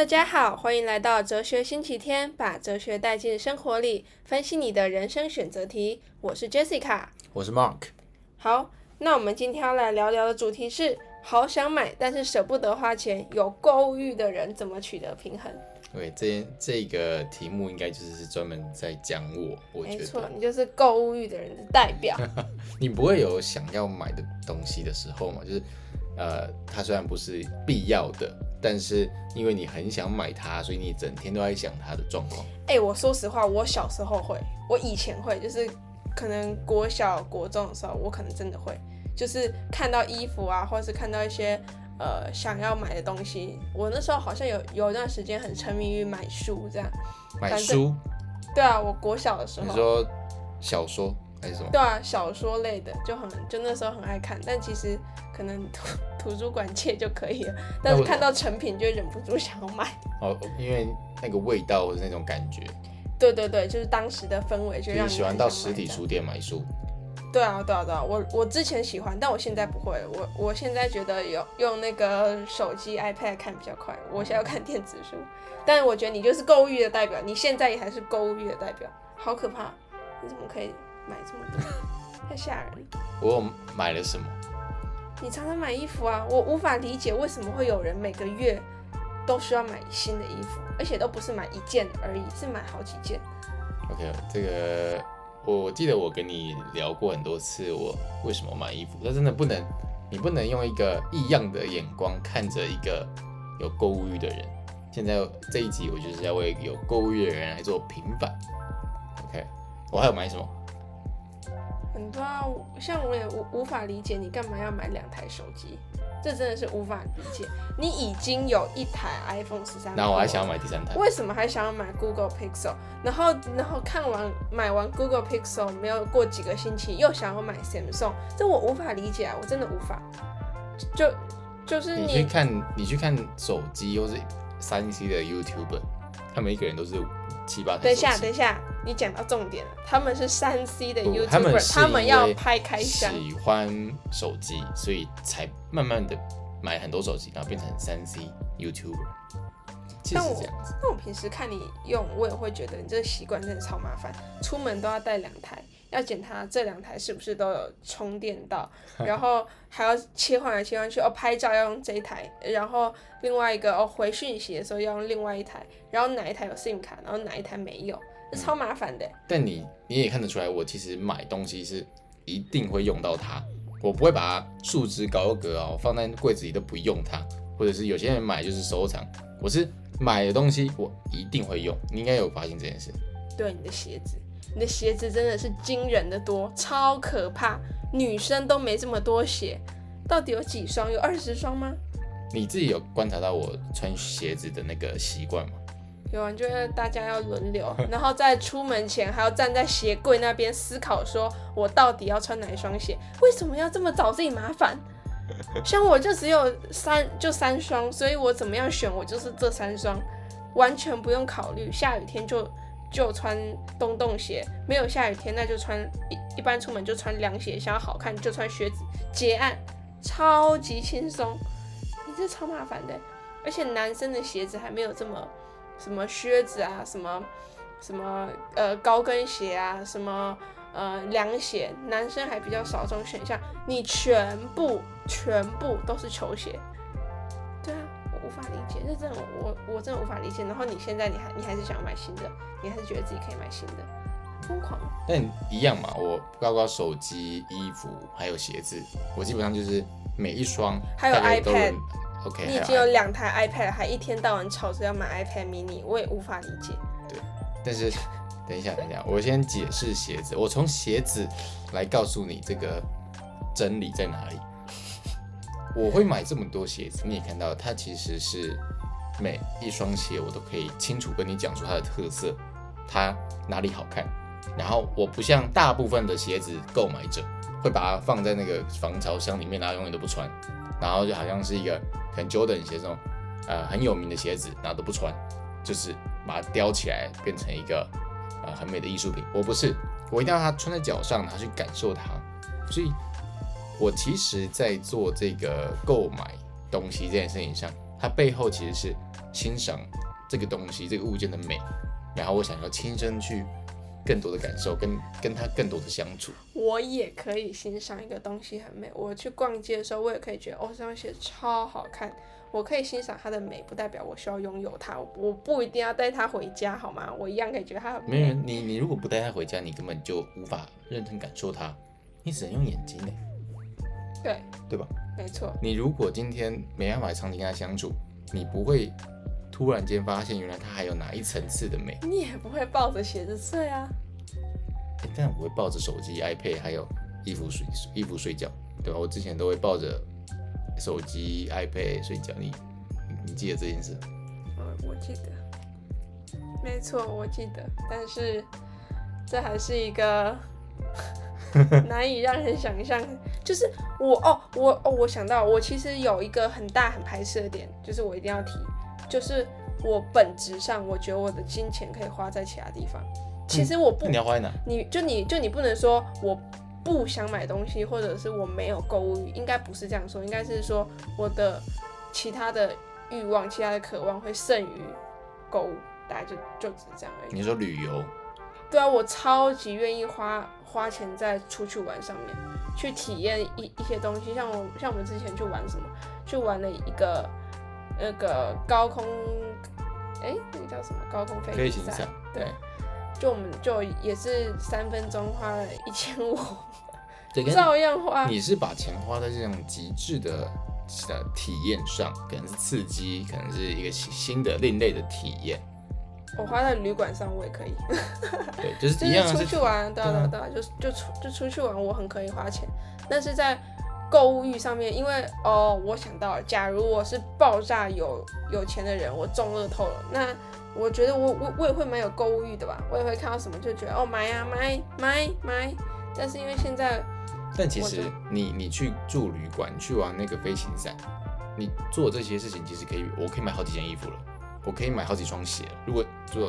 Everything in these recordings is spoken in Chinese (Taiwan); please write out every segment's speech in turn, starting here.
大家好，歡迎來到哲學星期天，把哲學帶進生活裡，分析你的人生選擇題。我是 Jessica，我是 Mark。好，那我們今天要來聊聊的主題是：好想買，但是捨不得花錢，有購物慾的人怎麼取得平衡？對，這這個題目應該就是專門在講我，我覺得。沒錯，你就是購物慾的人的代表。 你不會有想要買的東西的時候嘛？就是，呃，它雖然不是必要的。但是因為你很想買它，所以你整天都在想它的狀況。哎、欸，我說實話，我小時候會，我以前會，就是可能國小、國中的時候，我可能真的會，就是看到衣服啊，或者是看到一些呃想要買的東西，我那時候好像有有一段時間很沉迷於買書這樣。買書？對啊，我國小的時候。你說小說。對啊，小說類的就很，就那時候很愛看，但其實可能圖圖書館借就可以了，但是看到成品就忍不住想要買。哦，因為那個味道或那種感覺。對對對，就是當時的氛圍就讓你。你喜歡到實體書店買書？對啊對啊對啊，我我之前喜歡，但我現在不會了，我我現在覺得用用那個手機 iPad 看比較快，我現在要看電子書。嗯、但是我覺得你就是購物欲的代表，你現在也還是購物欲的代表，好可怕！你怎麼可以？買這麼多，太嚇人了！我買了什麼？你常常買衣服啊！我無法理解為什麼會有人每個月都需要買新的衣服，而且都不是買一件而已，是買好幾件。OK，這個我我記得我跟你聊過很多次，我為什麼買衣服？但真的不能，你不能用一個異樣的眼光看着一個有購物欲的人。現在這一集我就是要為有購物欲的人來做平反。OK，我還有買什麼？很多啊，像我也無無法理解你幹嘛要買兩台手機，這真的是無法理解。你已經有一台 iPhone 十三，那我還想要買第三台，為什麼還想要買 Google Pixel？然後，然後看完買完 Google Pixel 沒有過幾個星期又想要買 Samsung，這我無法理解啊，我真的無法。就就是你，你去看你去看手機，又是三 C 的 YouTuber，他每一個人都是。七八，等一下，等一下，你講到重點了。他們是三 C 的 YouTuber，、嗯、他，他們要拍開箱。喜歡手機，所以才慢慢的買很多手機，然後變成三 C YouTuber。那我那我平時看你用，我也會覺得你這個習慣真的超麻煩，出門都要帶兩台。要檢查這兩台是不是都有充電到，然後還要切換來切換去。哦，拍照要用這一台，然後另外一個哦回訊息的時候要用另外一台。然後哪一台有 SIM 卡，然後哪一台沒有，這超麻煩的、嗯。但你你也看得出來，我其實買東西是一定會用到它，我不會把它束之高閣哦，放在櫃子裡都不用它。或者是有些人買就是收藏，我是買的東西我一定會用。你應該有發現這件事，對，你的鞋子。你的鞋子真的是驚人的多，超可怕，女生都沒這麼多鞋，到底有幾雙？有二十雙嗎？你自己有觀察到我穿鞋子的那個習慣嗎？有啊，就是大家要輪流，然後在出門前還要站在鞋櫃那邊思考，說我到底要穿哪一雙鞋？為什麼要這麼找自己麻煩？像我就只有三，就三雙，所以我怎麼樣選，我就是這三雙，完全不用考慮，下雨天就。就穿洞洞鞋，沒有下雨天那就穿一一般，出門就穿涼鞋，想要好看就穿靴子。結案，超級輕鬆。你這超麻煩的，而且男生的鞋子還沒有這麼什麼靴子啊，什麼什麼呃高跟鞋啊，什麼呃涼鞋，男生還比較少這種選項。你全部全部都是球鞋。無法理解，就真的，我我真的無法理解。然後你現在你還你還是想買新的，你還是覺得自己可以買新的，瘋狂。但一樣嘛，我包括手機、衣服還有鞋子，我基本上就是每一雙，還有 iPad，OK Okay,。你已經有兩台 iPad，還一天到晚吵着要買 iPad mini，我也無法理解。對，但是等一，等一下，等一下，我先解釋鞋子，我從鞋子來告訴你這個真理在哪裡。我會買這麼多鞋子，你也看到，它其實是每一雙鞋我都可以清楚跟你講出它的特色，它哪裡好看。然後我不像大部分的鞋子購買者，會把它放在那個防潮箱裡面，然後永遠都不穿。然後就好像是一個很 Jordan 鞋這種，呃，很有名的鞋子，然後都不穿，就是把它雕起來變成一個，呃，很美的藝術品。我不是，我一定要它穿在腳上，然後去感受它，所以。我其實，在做這個購買東西這件事情上，它背後其實是欣賞這個東西、這個物件的美，然後我想要親身去更多的感受，跟跟它更多的相處。我也可以欣賞一個東西很美，我去逛街的時候，我也可以覺得哦，這雙鞋超好看。我可以欣賞它的美，不代表我需要擁有它，我不，我不一定要帶它回家，好嗎？我一樣可以覺得它很美。沒人，你你如果不帶它回家，你根本就無法認真感受它，你只能用眼睛對對吧？沒錯錯。你如果今天沒辦法常跟他相處，你不會突然間發現原來他還有哪一層次的美。你也不會抱着鞋子睡啊。欸、但我會抱着手機、iPad 還有衣服睡衣服睡覺，對吧？我之前都會抱着手機、iPad 睡覺，你你記得這件事？嗯、我記得，沒錯，我記得。但是這還是一個難 以讓人想象。就是我哦，我哦，我想到，我其實有一個很大很排斥的點，就是我一定要提，就是我本質上，我覺得我的金錢可以花在其他地方。其實我不、嗯、你要花在哪？你就你就你不能說我不想買東西，或者是我沒有購物慾，應該不是這樣說，應該是說我的其他的欲望、其他的渴望會勝於購物，大概就就只是這樣而已。你說旅遊。對啊，我超級願意花花錢在出去玩上面，去體驗一一些東西。像我像我們之前去玩什麼，去玩了一個那個高空，哎、欸，那個叫什麼高空飛飛行傘？對，對就我們就也是三分鐘花了一千五，對，照樣花。你是把錢花在這種極致的呃體驗上，可能是刺激，可能是一個新的另類的體驗。我花在旅館上，我也可以。對，就是一樣、啊。 出去玩，就是、對啊，對啊嗎，對啊，就是就出就出去玩，我很可以花錢。但是在購物欲上面，因為哦，我想到了，假如我是爆炸有有錢的人，我中樂透了，那我覺得我我我也會蠻有購物欲的吧，我也會看到什麼就覺得哦買啊買買買。Oh、my, my, my, my, my. 但是因為現在，但其實你你去住旅館，去玩那個飛行傘，你做這些事情其實可以，我可以買好幾件衣服了。我可以買好幾雙鞋，如果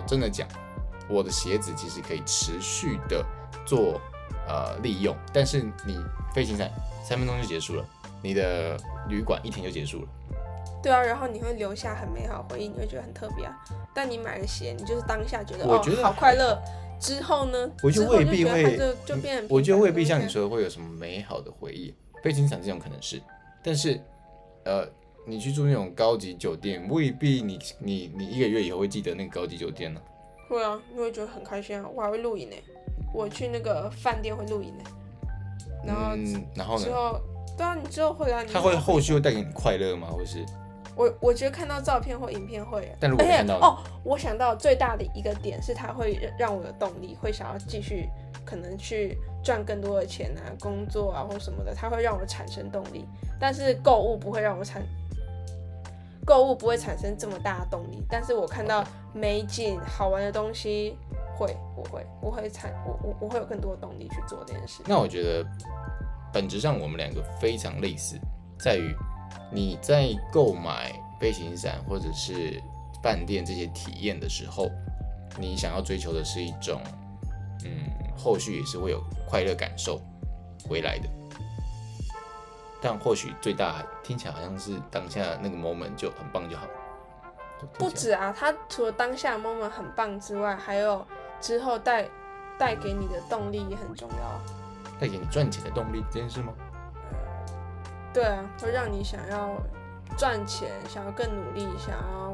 真的講，我的鞋子其實可以持續的做呃利用，但是你飛行傘三分鐘就結束了，你的旅館一天就結束了。對啊，然後你會留下很美好的回憶，你會覺得很特別啊。但你買了鞋，你就是當下覺得，覺得好、哦、好快樂，之後呢？我就未必會就，就變。我就未必像你說的 Okay. 會有什麼美好的回憶，飛行傘這種可能是，但是呃。你去住那種高級酒店，未必你你你，你一個月以後會記得那個高級酒店呢？啊？會啊，因為覺得很開心啊，我還會錄影呢。我去那個飯店會錄影呢。然後，嗯、然後呢之後。對啊，你之後會讓你他會後續會帶給你快樂嗎？或是我我覺得看到照片或影片會，但是我沒想到且你哦。我想到最大的一個點是，他會讓我有動力，會想要繼續可能去賺更多的錢啊、工作啊或什麼的。他會讓我產生動力，但是購物不會讓我產。購物不會產生這麼大的動力，但是我看到美景、好玩的東西會，我會，我會產，我我我會有更多的動力去做這件事。那我覺得本質上我們兩個非常類似，在於你在購買飛行傘或者是飯店這些體驗的時候，你想要追求的是一種，嗯，後續也是會有快樂感受回來的。但或許最大聽起來好像是當下那個 moment 就很棒就好。就好，不止啊，它除了當下 moment 很棒之外，還有之後帶帶給你的動力也很重要。帶給你賺錢的動力，這件事嗎？呃、嗯，對啊，會讓你想要賺錢，想要更努力，想要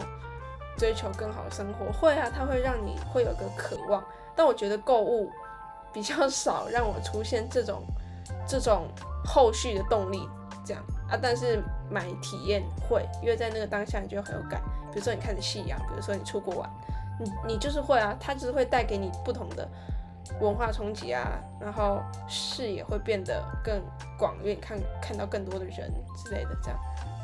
追求更好的生活。會啊，它會讓你會有個渴望。但我覺得購物比較少讓我出現這種。這種後續的動力，這樣啊，但是買體驗會，因為在那個當下你就很有感。比如說你看著夕陽，比如說你出國玩，你你就是會啊，它只是會帶給你不同的文化衝擊啊，然後視野會變得更廣，因為你看看到更多的人之類的。這樣，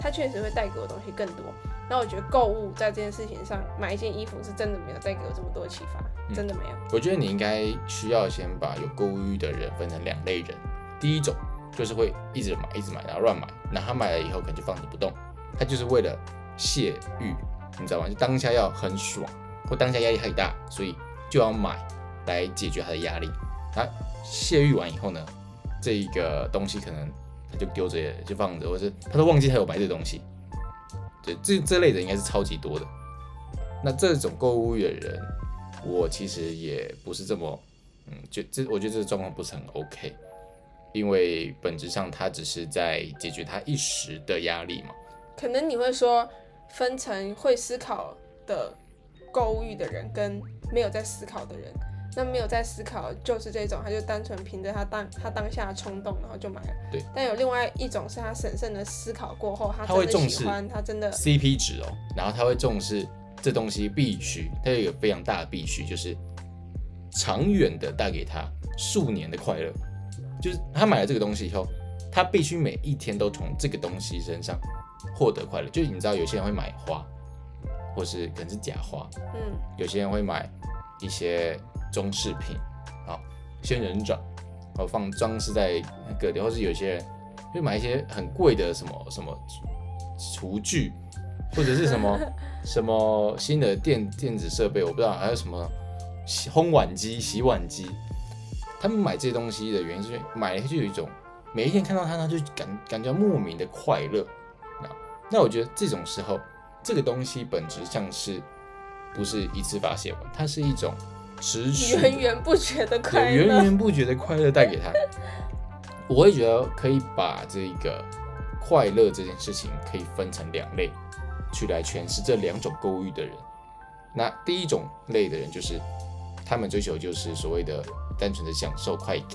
它確實會帶給我東西更多。那我覺得購物在這件事情上，買一件衣服是真的沒有帶給我這麼多啟發，嗯、真的沒有。我覺得你應該需要先把有購物慾的人分成兩類人。第一種就是會一直買，一直買，然後亂買，然後他買了以後可能就放着不動，他就是為了洩欲，你知道嗎？就當下要很爽，或當下壓力太大，所以就要買來解決他的壓力。他洩欲完以後呢，這個東西可能他就丟着，就放着，或者是他都忘記他有買這東西。對，這這類人應該是超級多的。那這種購物的人，我其實也不是這麼，嗯，就這，我覺得這個狀況不是很 OK。因為本質上他只是在解決他一時的壓力嘛。可能你會說，分成會思考的購物欲的人跟沒有在思考的人。那沒有在思考就是這種，他就單純憑着他當他當下的衝動，然後就買了。對。但有另外一種是他審慎的思考過後，他他會重視他真的 CP 值哦。然後他會重視這東西必須，他有一個非常大的必須，就是長遠的帶給他數年的快樂。就是他買了這個東西以後，他必須每一天都從這個東西身上獲得快樂。就是你知道，有些人會買花，或是可能是假花，嗯，有些人會買一些裝飾品，啊，仙人掌，然後放裝飾在那個裡，或是有些人會買一些很貴的什麼什麼廚具，或者是什麼 什麼新的電電子設備，我不知道還有什麼烘碗機、洗碗機。他們買這些東西的原因是，因為買了就有一種每一天看到它呢，就感感覺莫名的快樂。那那我覺得這種時候，這個東西本質上是不是一次發洩完，它是一種持續源源不絕的快樂，源源不絕的快樂帶給他。 我會覺得可以把這個快樂這件事情可以分成兩類去來詮釋。這兩種購物慾的人，那第一種類的人就是他們追求就是所謂的。單純的享受快感，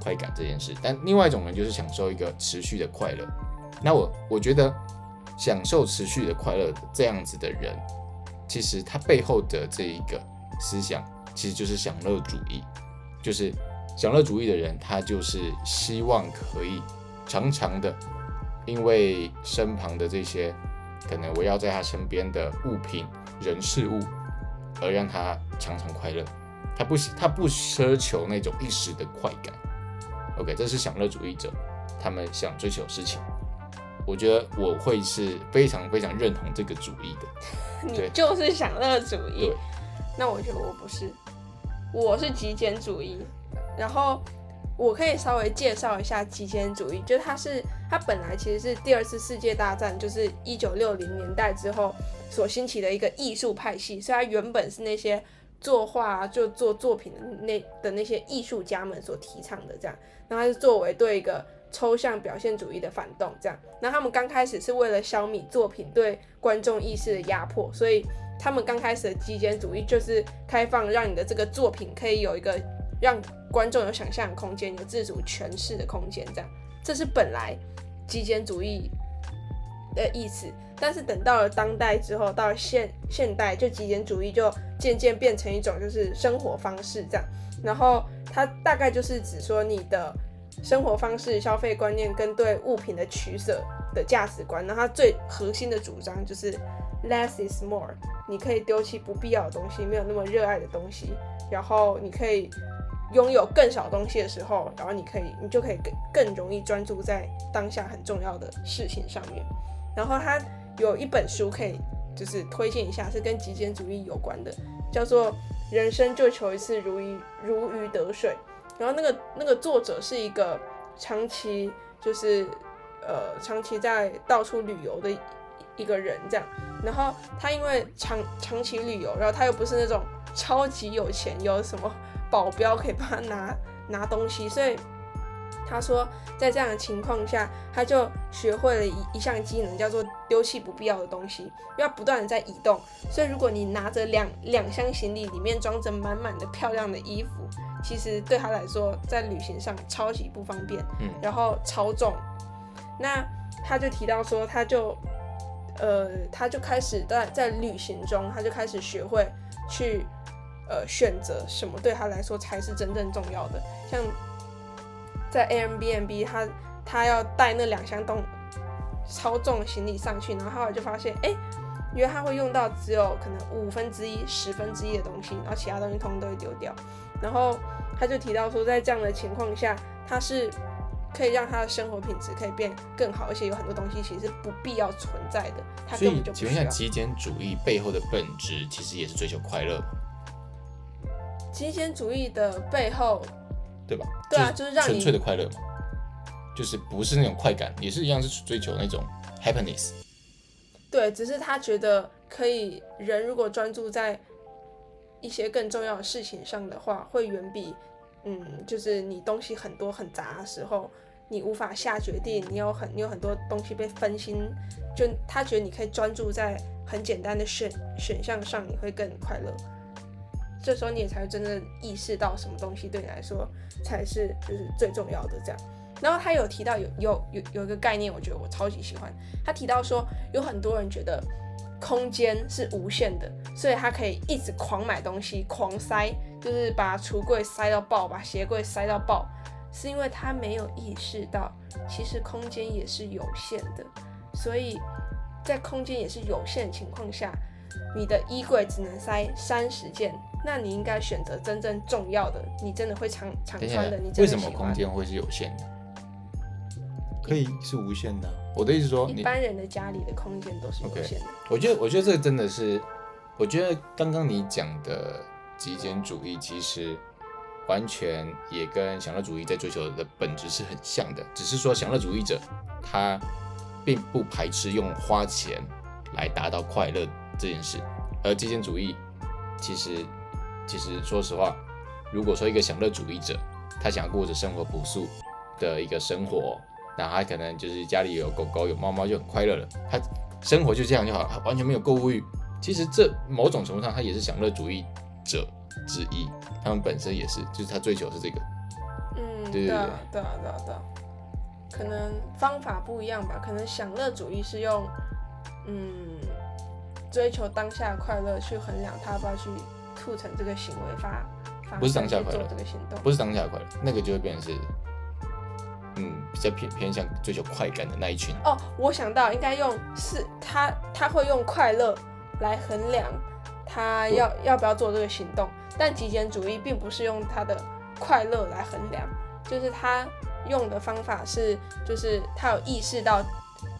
快感這件事，但另外一種人就是享受一個持續的快樂。那我我覺得，享受持續的快樂的這樣子的人，其實他背後的這一個思想，其實就是享樂主義。就是享樂主義的人，他就是希望可以常常的，因為身旁的這些可能圍繞在他身邊的物品、人、事物，而讓他常常快樂。他不，他不奢求那種一時的快感。OK，這是享樂主義者，他們想追求的事情。我覺得我會是非常非常認同這個主義的。 你就是享樂主義。對。對。那我覺得我不是，我是極簡主義。然後我可以稍微介紹一下極簡主義，就他是它是它本來其實是第二次世界大戰，就是一九六零年代之後所興起的一個藝術派系。所以它原本是那些。作畫就做作品的那的那些藝術家們所提倡的這樣，那他是作為對一個抽象表現主義的反動這樣，那他們剛開始是為了消弭作品對觀眾意識的壓迫，所以他們剛開始的極簡主義就是開放，讓你的這個作品可以有一個讓觀眾有想象空間、有自主詮釋的空間這樣，這是本來極簡主義的意思，但是等到了當代之後，到現現代就極簡主義就漸漸變成一種就是生活方式這樣。然後它大概就是指說你的生活方式、消費觀念跟對物品的取捨的價值觀。然後它最核心的主張就是 less is more。你可以丟棄不必要的東西，沒有那麼熱愛的東西。然後你可以擁有更少的東西的時候，然後你可以你就可以更更容易專注在當下很重要的事情上面。然後他有一本書可以就是推薦一下，是跟極簡主義有關的，叫做《人生就求一次如魚如魚得水》。然後那個那個作者是一個長期就是呃長期在到處旅遊的一個人這樣。然後他因為長長期旅遊，然後他又不是那種超級有錢，有什麼保鏢可以幫他拿拿東西，所以。他說，在這樣的情況下，他就學會了一一項技能，叫做丟棄不必要的東西。要不斷的在移動，所以如果你拿着兩兩箱行李，裡面裝着滿滿的漂亮的衣服，其實對他來說，在旅行上超級不方便。嗯，然後超重。那他就提到說，他就呃，他就開始在在旅行中，他就開始學會去呃選擇什麼對他來說才是真正重要的，像。在 Airbnb 他他要帶那兩箱重超重行李上去，然後後來就發現，哎，因為他會用到只有可能五分之一、十分之一的東西，然後其他東西通通都會丟掉。然後他就提到說，在這樣的情況下，他是可以讓他的生活品質可以變更好，而且有很多東西其實是不必要存在的。他根本就不要。所以，請問一下，極簡主義背後的本質其實也是追求快樂。極簡主義的背後。對吧？對啊，就是讓你純粹的快樂嘛，就是不是那種快感，也是一樣是追求那種 happiness。對，只是他覺得可以，人如果專注在一些更重要的事情上的話，會遠比嗯，就是你東西很多很雜的時候，你無法下決定，你有很你有很多東西被分心，就他覺得你可以專注在很簡單的選選項上，你會更快樂。這時候你也才會真正意識到什麼東西對你來說才是就是最重要的。這樣，然後他有提到有有有有一個概念，我覺得我超級喜歡。他提到說，有很多人覺得空間是無限的，所以他可以一直狂買東西、狂塞，就是把櫥櫃塞到爆，把鞋櫃塞到爆，是因為他沒有意識到，其實空間也是有限的。所以在空間也是有限的情況下。你的衣櫃只能塞三十件，那你應該選擇真正重要的，你真的會常常穿的，你真的喜歡。為什麼空間會是有限的？可以是無限的。一我的意思說你，一般人的家裡的空間都是有限的。Okay. 我覺得，我覺得這真的是，我覺得剛剛你講的極簡主義，其實完全也跟享樂主義在追求的本質是很像的，只是說享樂主義者他並不排斥用花錢來達到快樂。這件事，而極簡主義，其實，其實說實話，如果說一個享樂主義者，他想要過着生活樸素的一個生活，那、嗯、他可能就是家裡有狗狗有貓貓就很快樂了，他生活就這樣就好，他完全沒有購物慾。其實這某種程度上他也是享樂主義者之一，他們本身也是，就是他追求的是這個，嗯，對對對對對，對可能方法不一樣吧，可能享樂主義是用，嗯。追求當下的快樂，去衡量他要不要去促成這個行為發，發不是當下快樂這個行動，不是當下快樂，那個就會變成是，嗯，比較偏偏向追求快感的那一群。哦，我想到應該用是他他會用快樂來衡量他要不要不要做這個行動，但極簡主義並不是用他的快樂來衡量，就是他用的方法是，就是他有意識到。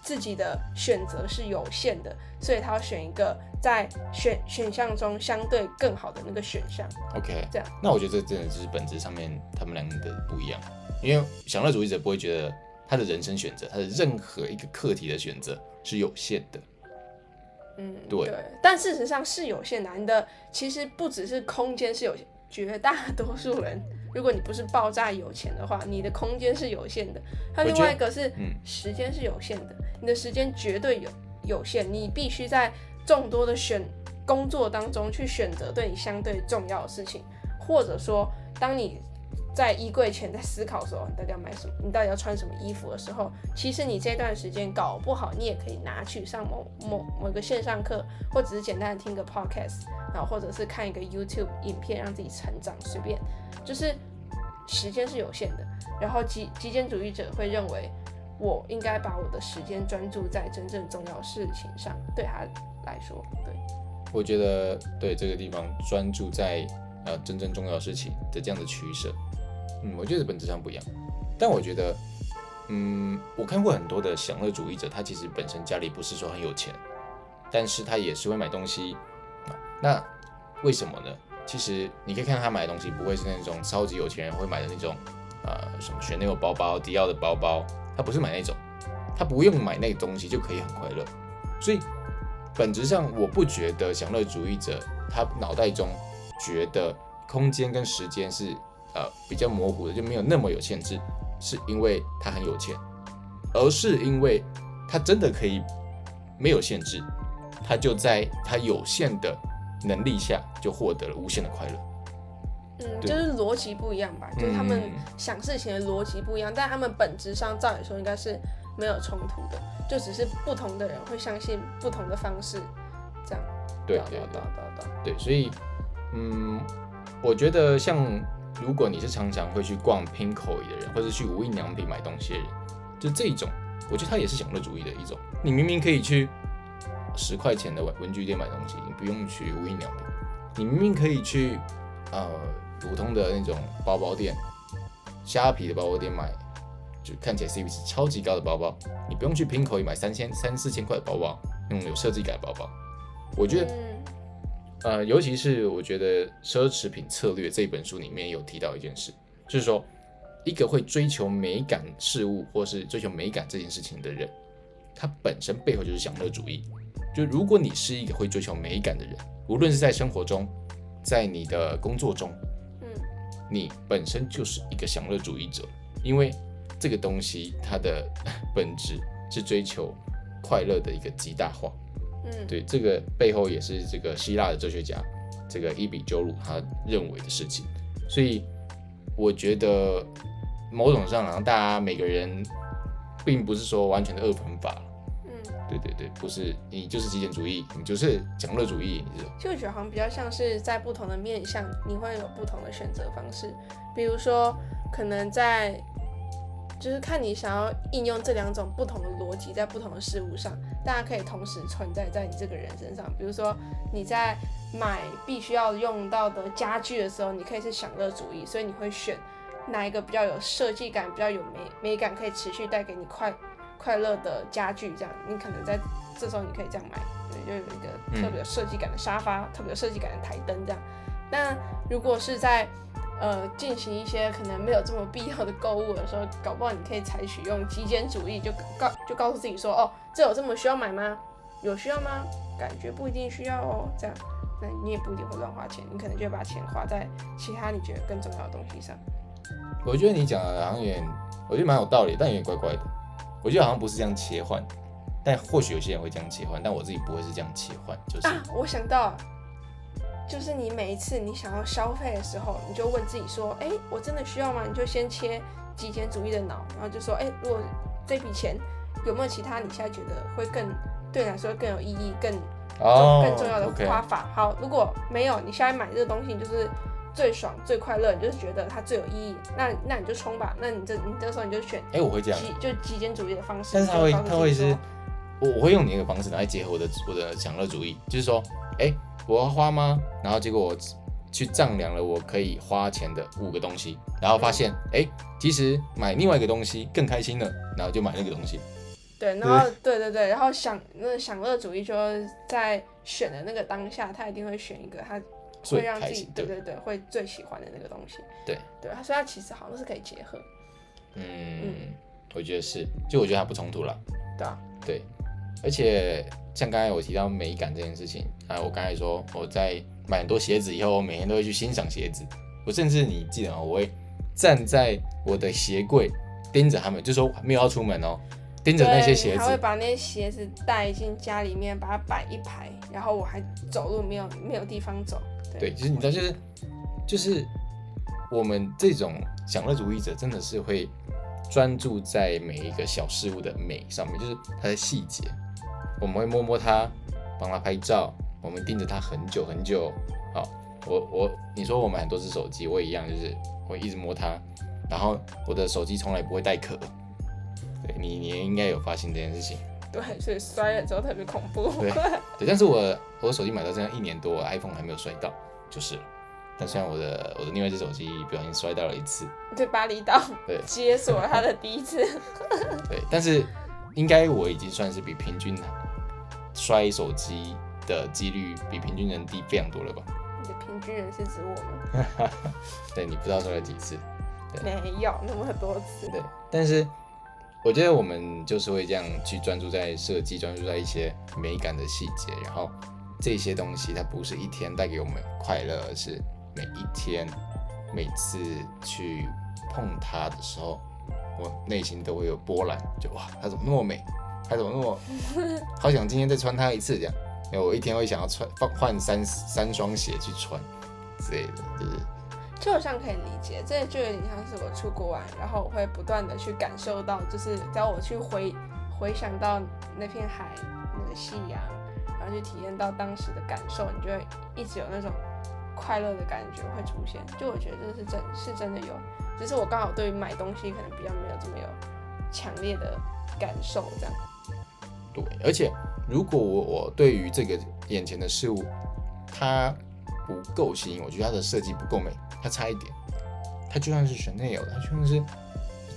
自己的選擇是有限的，所以他要選一個在選選項中相對更好的那個選項。OK，這樣。那我覺得這真的就是本質上面他們兩個的不一樣，因為享樂主義者不會覺得他的人生選擇，他的任何一個課題的選擇是有限的。嗯，對，對。但事實上是有限的，其實不只是空間是有限，絕大多數人。 如果你不是爆炸有錢的話，你的空間是有限的，還有另外一個是時間是有限的，嗯、你的時間絕對有有限，你必須在眾多的選工作當中去選擇對你相對重要的事情，或者說當你。在衣櫃前，在思考說你到底要買什麼，你到底要穿什麼衣服的時候，其實你這段時間搞不好你也可以拿去上某某某個線上課，或者是簡單的聽個 podcast，然後或者是看一個 YouTube 影片，讓自己成長。隨便，就是時間是有限的。然後極極簡主義者會認為，我應該把我的時間專注在真正重要事情上。對他來說，對，我覺得對這個地方專注在呃真正重要事情的這樣的取捨。嗯，我覺得本質上不一樣，但我覺得，嗯，我看過很多的享樂主義者，他其實本身家裡不是說很有錢，但是他也是會買東西。嗯，那為什麼呢？其實你可以看到他買東西不會是那種超級有錢人會買的那種，呃，什麼，選那個包包，迪奧的包包，他不是買那種，他不用買那個東西就可以很快樂，所以本質上我不覺得享樂主義者他腦袋中覺得空間跟時間是。呃，比較模糊的就沒有那麼有限制，是因為他很有錢，而是因為他真的可以沒有限制，他就在他有限的能力下就獲得了無限的快樂。嗯，就是邏輯不一樣吧，就是他們想事情的邏輯不一樣，嗯、但他們本質上照理說應該是沒有衝突的，就只是不同的人會相信不同的方式，這樣。對對對對對，對，所以嗯，我覺得像。如果你是常常會去逛 Pinkoi 的人，或者去無印良品買東西的人，就這一種，我覺得他也是享樂主義的一種。你明明可以去十塊錢的文文具店買東西，你不用去無印良品；你明明可以去呃普通的那種包包店，蝦皮的包包店買，就看起來 CP 值超級高的包包，你不用去 Pinkoi 買三千三四千塊的包包，那種有設計感的包包，我覺得。嗯呃，尤其是我覺得《奢侈品策略》這本書裡面有提到一件事，就是說，一個會追求美感事物或是追求美感這件事情的人，他本身背後就是享樂主義。就如果你是一個會追求美感的人，無論是在生活中，在你的工作中，嗯，你本身就是一個享樂主義者，因為這個東西它的本質是追求快樂的一個極大化。嗯，對，這個背後也是這個希臘的哲學家，這個伊比鳩魯他認為的事情，所以我覺得某種上好像大家每個人並不是說完全的二分法，嗯，對對對，不是你就是極簡主義，你就是享樂主義，你是，就覺得好像比較像是在不同的面向你會有不同的選擇方式，比如說可能在。就是看你想要應用這兩種不同的邏輯在不同的事物上，大家可以同時存在在你這個人身上。比如說你在買必須要用到的家具的時候，你可以是享樂主義，所以你會選哪一個比較有設計感、比較有美美感，可以持續帶給你快快樂的家具。這樣，你可能在這時候你可以這樣買，對，就有一個特別有設計感的沙發，嗯、特別有設計感的台燈這樣。那如果是在呃，進行一些可能沒有這麼必要的購物的時候，搞不好你可以採取用極簡主義就，就告就告訴自己說，哦，這有這麼需要買嗎？有需要嗎？感覺不一定需要哦。這樣，那你也不一定會亂花錢，你可能就會把錢花在其他你覺得更重要的東西上。我覺得你講的好像也，我覺得蠻有道理，但有點怪怪的。我覺得好像不是這樣切換，但或許有些人會這樣切換，但我自己不會是這樣切換，就是。啊，我想到。就是你每一次你想要消費的時候，你就問自己說：哎、欸，我真的需要嗎？你就先切極簡主義的腦，然後就說：哎、欸，如果這筆錢有沒有其他你現在覺得會更對你來說更有意義、更、oh, 更重要的花法？okay. 好，如果沒有，你現在買這個東西就是最爽、最快樂，你就是覺得它最有意義，那那你就衝吧。那你這你這個時候你就選哎、欸，我會這樣，就極簡主義的方式。你你但是他會是他會是，我我會用你那個方式來結合我的我的享樂主義，就是說哎。欸我要花嗎？然後結果我去丈量了我可以花錢的五個東西，然後發現誒，其實、嗯欸、買另外一個東西更開心了，然後就買那個東西。對，然後對對對，然後想、那個、享那享樂主義就在選的那個當下，他一定會選一個他會讓自己對，對對對會最喜歡的那個東西。對對，所以他其實好像是可以結合。嗯，嗯，我覺得是，就我覺得他不衝突了。對啊，對，而且。嗯像剛才我提到美感這件事情啊，我剛才說我在買很多鞋子以後，我每天都會去欣賞鞋子。我甚至你記得哦，我會站在我的鞋櫃盯着他們，就說沒有要出門哦、喔，盯着那些鞋子。還會把那些鞋子帶進家裡面，把它擺一排，然後我還走路沒有沒有地方走。對，對就是你知道，就是就是我們這種享樂主義者，真的是會專注在每一個小事物的美上面，就是它的細節。我們會摸摸它，幫它拍照，我們盯着它很久很久。好、哦，我我你說我買很多隻手機，我也一樣，就是我一直摸它，然後我的手機從來不會帶殼。對，你你也應該有發現這件事情。對，所以摔了之後特別恐怖。對，對，但是我我的手機買到這樣一年多，iPhone 還沒有摔到，就是了。但雖然我的我的另外一隻手機不小心摔到了一次，對，巴厘島，對，解鎖了它的第一次。 對，對，但是應該我已經算是比平均。摔手機的幾率比平均人低非常多了吧？你的平均人是指我嗎？ 對，你不知道摔了幾次，沒有那麼多次。對，但是我覺得我們就是會這樣去專注在設計，專注在一些美感的細節，然後這些東西它不是一天帶給我們快樂，而是每一天每次去碰它的時候，我內心都會有波瀾，就哇，它怎麼那麼美？還是我那麼好想今天再穿它一次，這樣，因為我一天會想要穿換換三三雙鞋去穿之類的，就是，就好像可以理解，這就有點像是我出國玩，然後我會不斷的去感受到，就是只要我去回回想到那片海，那個夕陽，然後去體驗到當時的感受，你就會一直有那種快樂的感覺會出現，就我覺得這是真的是真的有，只、就是我剛好對於買東西可能比較沒有這麼有強烈的感受，這樣。對，而且如果我我對於這個眼前的事物，它不夠吸引，我覺得它的設計不夠美，它差一點，它就算是 Chanel 的，它就算是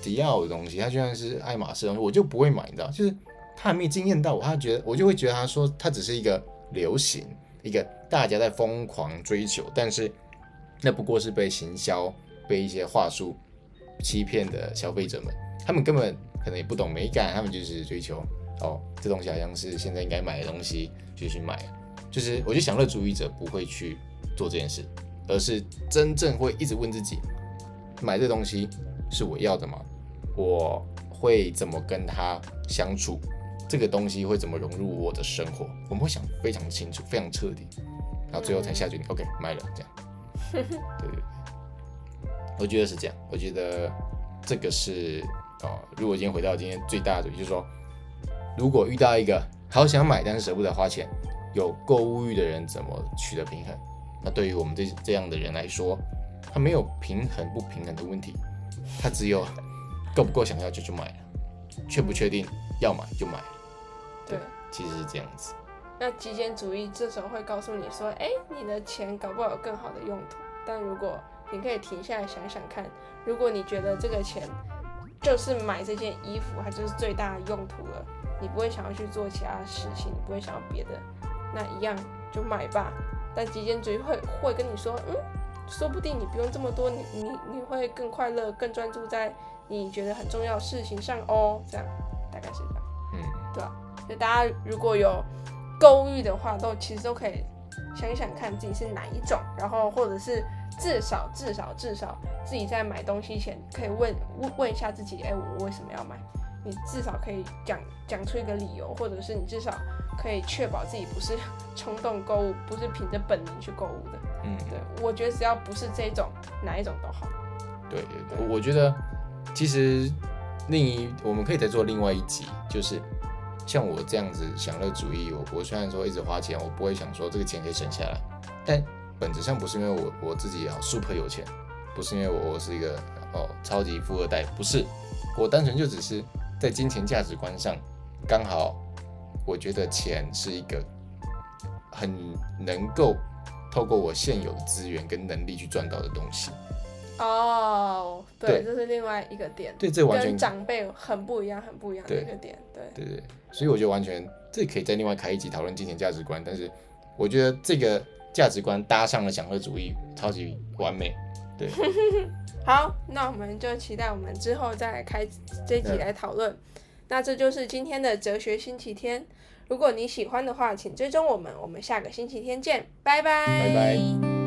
迪奧的東西，它就算是愛馬仕的東西，我就不會買，你知道，就是他還沒驚豔到我，他覺得我就會覺得他說它只是一個流行，一個大家在瘋狂追求，但是那不過是被行銷、被一些話術欺騙的消費者們，他們根本可能也不懂美感，他們就是追求。哦，這東西好像是現在應該買的東西，就去買。就是我覺得享樂主義者不會去做這件事，而是真正會一直問自己：買這東西是我要的嗎？我會怎麼跟他相處？這個東西會怎麼融入我的生活？我們會想非常清楚，非常徹底，然後最後才下決定。OK，買了，這樣。對對對，我覺得是這樣。我覺得這個是哦，如果今天回到今天最大的主題，就是說。如果遇到一個好想買但捨不得花錢、有購物慾的人，怎麼取得平衡？那對於我們這這樣的人來說，他沒有平衡不平衡的問題，他只有夠不夠想要就去買了，確不確定要買就買了。嗯、對，對，其實是這樣子。那極簡主義這時候會告訴你說：“哎、欸，你的錢搞不好有更好的用途。”但如果你可以停下來想想看，如果你覺得這個錢就是買這件衣服，它就是最大的用途了。你不會想要去做其他事情，你不會想要別的，那一樣就買吧。但極簡主義會會跟你說，嗯，說不定你不用這麼多，你你你會更快樂，更專注在你覺得很重要的事情上哦。這樣，大概是這樣。嗯，對吧？所以大家如果有購物慾的話，都其實都可以想一想看自己是哪一種，然後或者是至少至少至少自己在買東西前可以問問問一下自己，哎、欸，我為什麼要買？你至少可以講講出一個理由，或者是你至少可以確保自己不是衝動購物，不是憑着本能去購物的。嗯，對，我覺得只要不是這種，哪一種都好。對。對，我覺得其實另一我們可以再做另外一集，就是像我這樣子享樂主義，我我雖然說一直花錢，我不會想說這個錢可以省下來，但本質上不是因為我我自己好 super 有錢，不是因為我我是一個哦超級富二代，不是，我單純就只是。在金錢價值觀上，剛好，我覺得錢是一個很能夠透過我現有的資源跟能力去賺到的東西。哦，oh, 對，對，這是另外一個點。對，這完全長輩很不一樣，很不一樣的一個點。對對對，所以我覺得完全，這可以在另外開一集討論金錢價值觀，但是我覺得這個價值觀搭上了享樂主義，超級完美。對 好，那我們就期待我們之後再來開這集來討論。嗯。那這就是今天的哲學星期天。如果你喜歡的話，請追蹤我們。我們下個星期天見，拜拜。拜拜。